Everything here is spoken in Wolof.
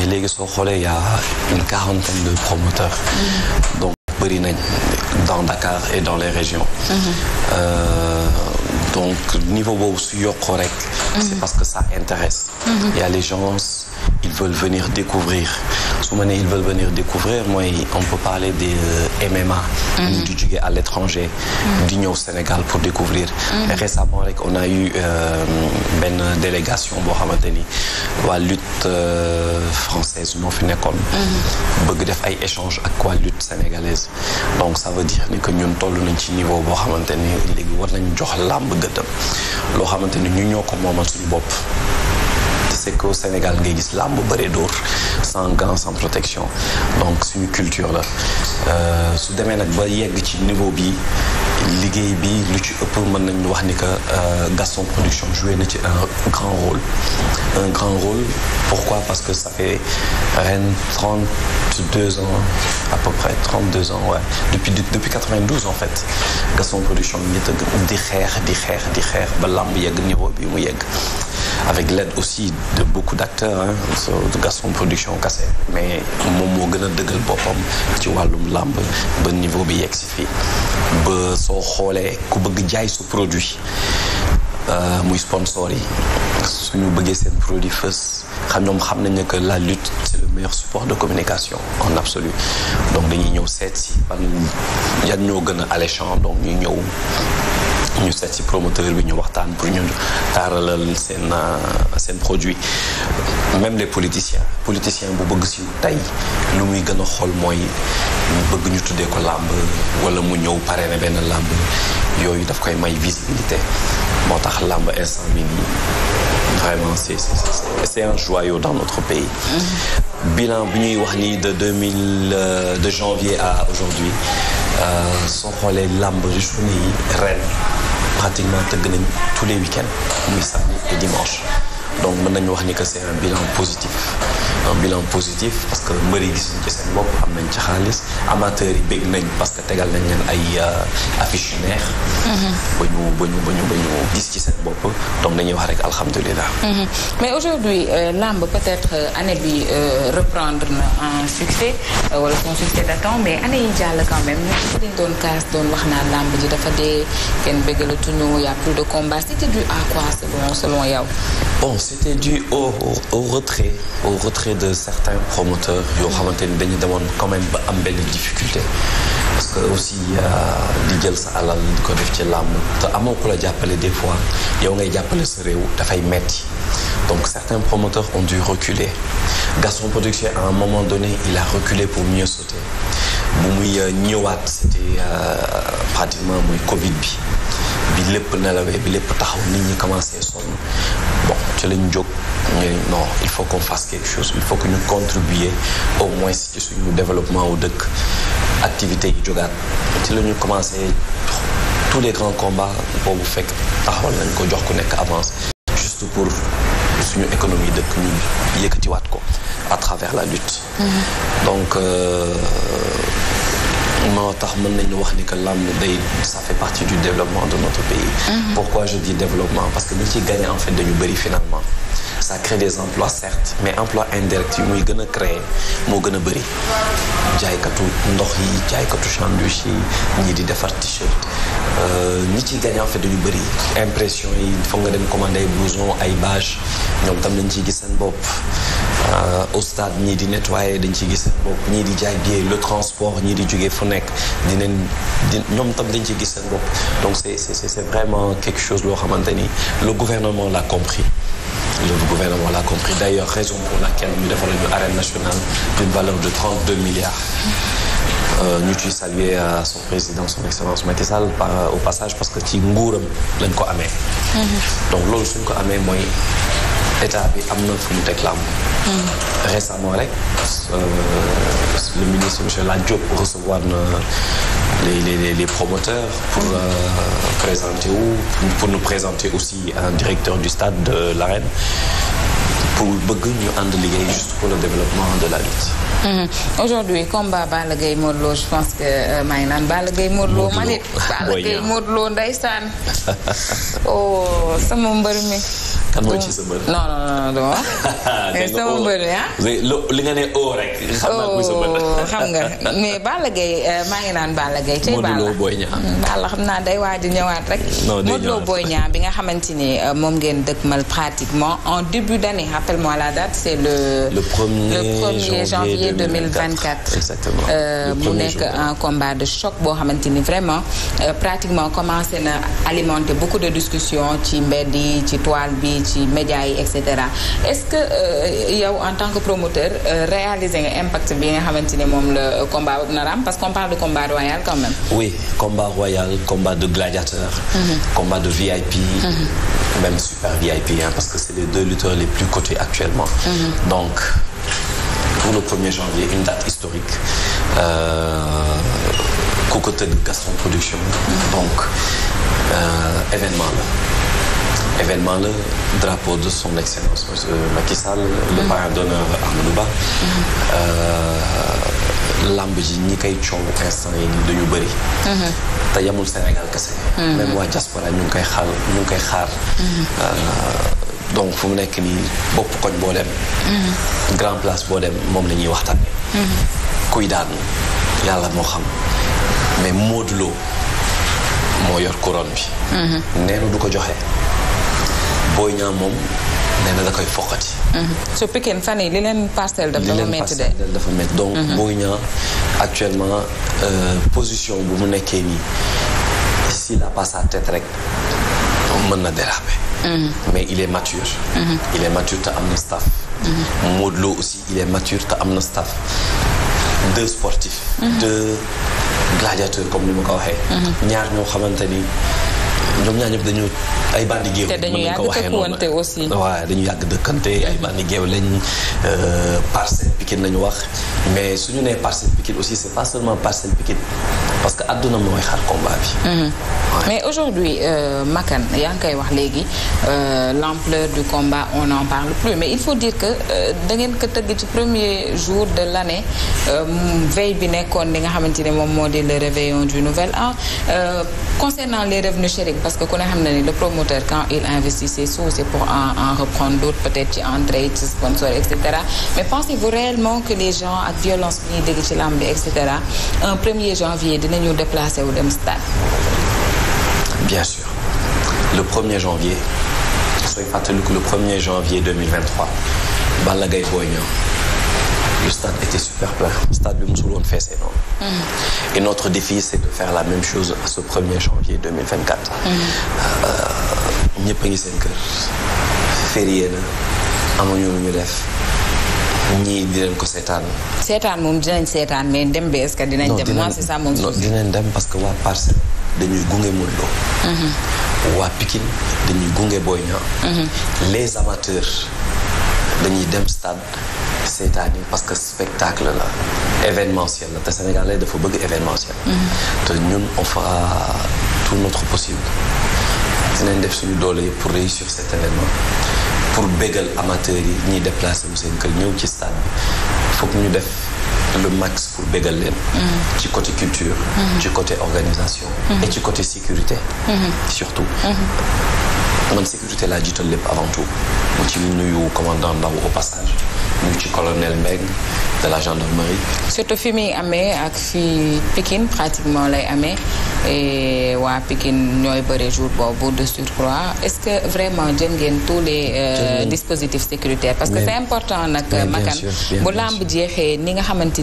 mais léegi soo xoolee y a une quarantaine de promoteurs. donc bëri nañ dans Dakar et dans les régions. Mm-hmm. Euh, donc niveau boobu su yokkoo rek. Mm-hmm. c'est parce que ça intéresse. Il mm-hmm. y a les gens. ils veulent venir découvrir su ma nee ils veulent venir découvrir mooy on peut parler des MMA. ñu di à l'étranger mm-hmm. di ñëw Sénégal pour découvrir mm-hmm. récemment rek on a eu euh, benn délégation boo xamante ni waa lutte euh, française ñoo fi nekkoon mm-hmm. bëgg def ay échange ak waa lutte sénégalaise donc ça veut dire ni que ñun toll nañ ci niveau boo xamante ni léegi war nañ jox làmb gëddam loo xamante ni ñu ñoo ko moomal suñu bopp c'est qu'au Sénégal ngay gis làmb bëre door sans gants sans protection donc suñu culture la euh, su demee nag ba yegg ci niveau bi liggéey bi lu ci ëpp mën nañu wax ni que euh, Gaston Production joue na ci un grand rôle un pourquoi parce que ça fait ren trente-deux ans à peu près trente-deux ans depuis depuis quatre-vingt-douze en fait Gaston Production ñu di xeex di xeex di xeex ba lamb yegg niveau bi mu yegg avec l'aide aussi de beaucoup d'acteurs ah production kase mais moom moo gën a dëggal boppam ci wàllum làmb ba niveau bi yegg si fii ba soo xoolee ku bëgg jaay su produit euh, muy sponsor yi suñu bëggee seen produit fës xam ñoom xam nañ ne que la lutte c'est le meilleur support de communication en absolu donc dañuy ñëw seet si ban ñoo gën a alléchant donc ñu ñëw ñu seet ci promoteur bi ñu waxtaan pour ñu taaralal seen euh, seen produit même les politiciens politicien bu bëgg si tey lu muy gën a xool mooy bëgg ñu tuddee ko làmb wala mu ñëw paree na benn làmb yooyu daf koy may visibilité moo tax làmb instant bi nii vraiment c'est c'est un joyau dans notre pays mm-hmm. bilan bi ñuy wax nii de 2000 euh, de janvier à aujourd'hui euh, soo xoolee làmb journée yi ren pratiquement tëgg nañ tous les week-ends muy samedi et donc mën nañu wax ni que un bilan positif un bilan positif parce que mbër yi gis nañ ci seen bopp am nañ ci xaalis amateurs yi bég nañ parce que tegal nañ leen ay affiche yu neex ba ñu ba ñu ba ñu ba ñu gis ci seen bopp donc dañuy wax rek alhamdulilah mm-hmm. mais aujourd'hui euh, làmb peut-être euh, année bi euh, reprendre na un succès wala son succès d'attend mais année yi jàll quand même ñu si dañ doon kaas doon wax naa làmb ji dafa dee kenn bégalatuñu y'a plus de combat c'était dû à quoi selon selon yow bon c'était dû au au retrait au retrait auprès de certains promoteurs yoo xamante ni dañu demoon quand ba am benn difficulté parce que aussi di jël sa alal di ko def ci làmb te amoo ku la jàppale des fois yow ngay jàppale sa réew dafay metti donc certains promoteurs ont dû reculer Gaston Production à un moment donné il a reculé pour mieux sauter bu muy euh, ñëwaat c'était euh, pratiquement muy Covid bi bi lépp nelawee bi lépp taxaw nit ñi commencé sonn bon ci lañ jóg non il faut qu'on fasse quelque chose il faut que ñu contribuer au moins ci suñu développement au dëkk activité yi jógaat ci la ñu commencé tous les grands combats boobu fekk taxawal nañ ko jox ku nekk avance juste pour suñu économie dëkk ñu yëkkatiwaat ko à travers la lutte mm-hmm. donc euh, moo tax mën nañu wax ni que làmb day sa fait partie du développement de notre pays. Mhm. pourquoi je dis développement parce que ñi ciy gagné en fait dañu bëri finalement. ça crée des emplois certes mais emploi indirect yi muy gën a créer moo gën a bëri jaaykatu ndox yi jaaykatu sandwich yi ñii di defar t-shirt euh, ñi ciy gagné en fait dañu bëri impression yi foog nga dem commandé ay blouson ay bâche ñoom tam nañ ciy gis seen bopp. Euh, au stade ñii di nettoyer dañu ci gis seen bopp ñii di jaay billet le transport ñii di jógee fu nekk dinañ di ñoom tam dañ ci gis seen bopp donc c'est c'est vraiment quelque chose loo xamante ni le gouvernement l'a compris le gouvernement l'a compris d'ailleurs raison pour laquelle ñu defal ñu arène nationale d'une valeur de 32 milliards euh, ñu ciy saluer à euh, son président son excellence Macky Sall au passage parce que ci nguuram lañ ko amee mm-hmm. loolu suñ ko amee mooy état bi am na fu mu teg làmb hmm. récemment rek euh, le ministre monsieur Lat Diop recevoir les promoteurs pour euh, présenter ou pour nous présenter aussi un directeur du stade de l'arène pour bëgg ñu ànd liggéey juste le développement de la lutte. Mmh. aujourd'hui combat Balla Gaye Modou Lo je pense que euh, maa ngi naan Balla Gaye Modou Lo ma nit Balla Gaye Modou oh sama mbër mi. kan mooy ci sa mbër. non non non non sama mbër ah. li nga ne oo rek. xam naa kuy sa mbër xam nga mais Balla Gaye maa ngi naan Balla Gaye tey Balla Modou Lo Boy Niang hmm, Balla xam naa day waaj a ñëwaat rek. Modou Lo Boy Niang bi nga xamante ni euh, moom ngeen dëkkmal pratiquement en début d'année rappelle-moi la date c'est le. le premier le premier janvier 2024 exactement euh, mu nekk un combat de choc boo xamante ni vraiment euh, pratiquement commencé na alimenter beaucoup de discussions ci mbedd yi ci toile bi. yi ci médias yi et cetera est-ce que euh, yow en tant que promoteur euh, réaliser nga impact bi nga xamante ni moom la euh, combat boobu am parce qu'on parle de combat royal quand même. oui combat royal combat de gladiateur. Mm-hmm. combat de VIP. Mm-hmm. même super VIP parce que c'est les deux lutteurs les plus cotés actuellement. Mm-hmm. donc pour le 1er janvier une date historique. ku ko tëgg Gaston Production. donc événement la. événement la drapeau de son excellence monsieur Macky Sall. lu mm-hmm. parrain d'honneur Amadou Ba. Euh, lamb ji ñi koy coow instant yi dañu bëri. Mm-hmm. te yamul Sénégal kese. Mm-hmm. même waa diaspora ñu ngi koy xaar ñu ngi koy xaar. Euh, donc fu mu nekk nii bopp koñ boo dem. grand place boo dem moom la ñuy waxtaanee. kuy daanu yàlla moo xam mais Modou Lo moo yor couronne bi. neenu du ko joxe. booy ñaa moom nee na da koy foqati. Mhm. su Pikine fan yi li leen parcelle dafa métti de. dafa métti donc mhm. booy ñaa actuellement euh, position bu mu nekkee nii s'il a pas sa rek mën na déraper. Mhm. mais il est mature. il am na staff. Lo aussi il est te am na staff. deux sportifs. deux ko waxee. ñoom ñaar ñëpp dañu ay bandi géew. te dañu yàgg dëkkuwante aussi waaw dañu yàgg dëkkante ay mhm. bandi géew lañ euh, parcelle Pikine la ñu wax mais suñu nee parcelle Pikine aussi c'est pas seulement parcelle Pikine parce que àdduna mooy xaar combat bi. Mhm. mais aujourd'hui euh, Makan yaa ngi koy wax léegi euh, l'ampleur du combat on n'en parle plus mais il faut dire que euh, da ngeen ko ci premier jour de l'année veille bi nekkoon li nga xamante ne moom moo di le réveillon du nouvel an concernant les revenus chériques parce que ku ne xam na ni le promoteur quand il investit ses sous c'est reprendre d'autres peut-être ci entrée ci sponsor et cetera mais pensez-vous réellement que les gens ak violence bi ñuy dégg ci et cetera un premier janvier. dinañu déplacé wu dem stade. bien sûr le 1er janvier sooy fàttaliku le 1er janvier Balla Gaye le stade était super plein stade bi musul woon feesee mm-hmm. et notre défi c'est de faire la même chose à ce 1er janvier 2024. Mm-hmm. Euh, ñëpp a ngi seen kër férié na amuñu lu ñu def. ñii di leen ko seetaan. moom dinañ seetaan mais dem bi est-ce que dinañ dem. moi c'est ça mon souci. non dinañ dem parce que waa que dañuy gunge Modou Lo. Mhm. waa Pikine dañuy gunge Boy Niang. Mhm. les amateurs dañuy dem stade seetaan parce que spectacle la événementiel la te sénégalais dafa bëgg événementiel. Mhm. te ñun on fera tout notre possible dinañ def suñu doole yëpp pour réussir cet événement. pour bégal amateurs yi ñuy déplacé wu seen kër ñëw ci stade bi foog ñu def le max pour bégal leen mm-hmm. ci côté culture mm-hmm. ci côté organisation mm-hmm. et ci côté sécurité surtout man sécurité laa jiital lépp avant tout mu ci nuyu commandant Ndaw au passage mu ci colonel Mbengue de surtout fi muy amee ak fi pikin pratiquement lay amee et waa Pikine ñooy bëre jour boobu de surcroît est-ce que vraiment jël ngeen tous les euh, dispositifs sécuritaires parce que c'est important nag Makan bu làmb jeexee ni nga xamante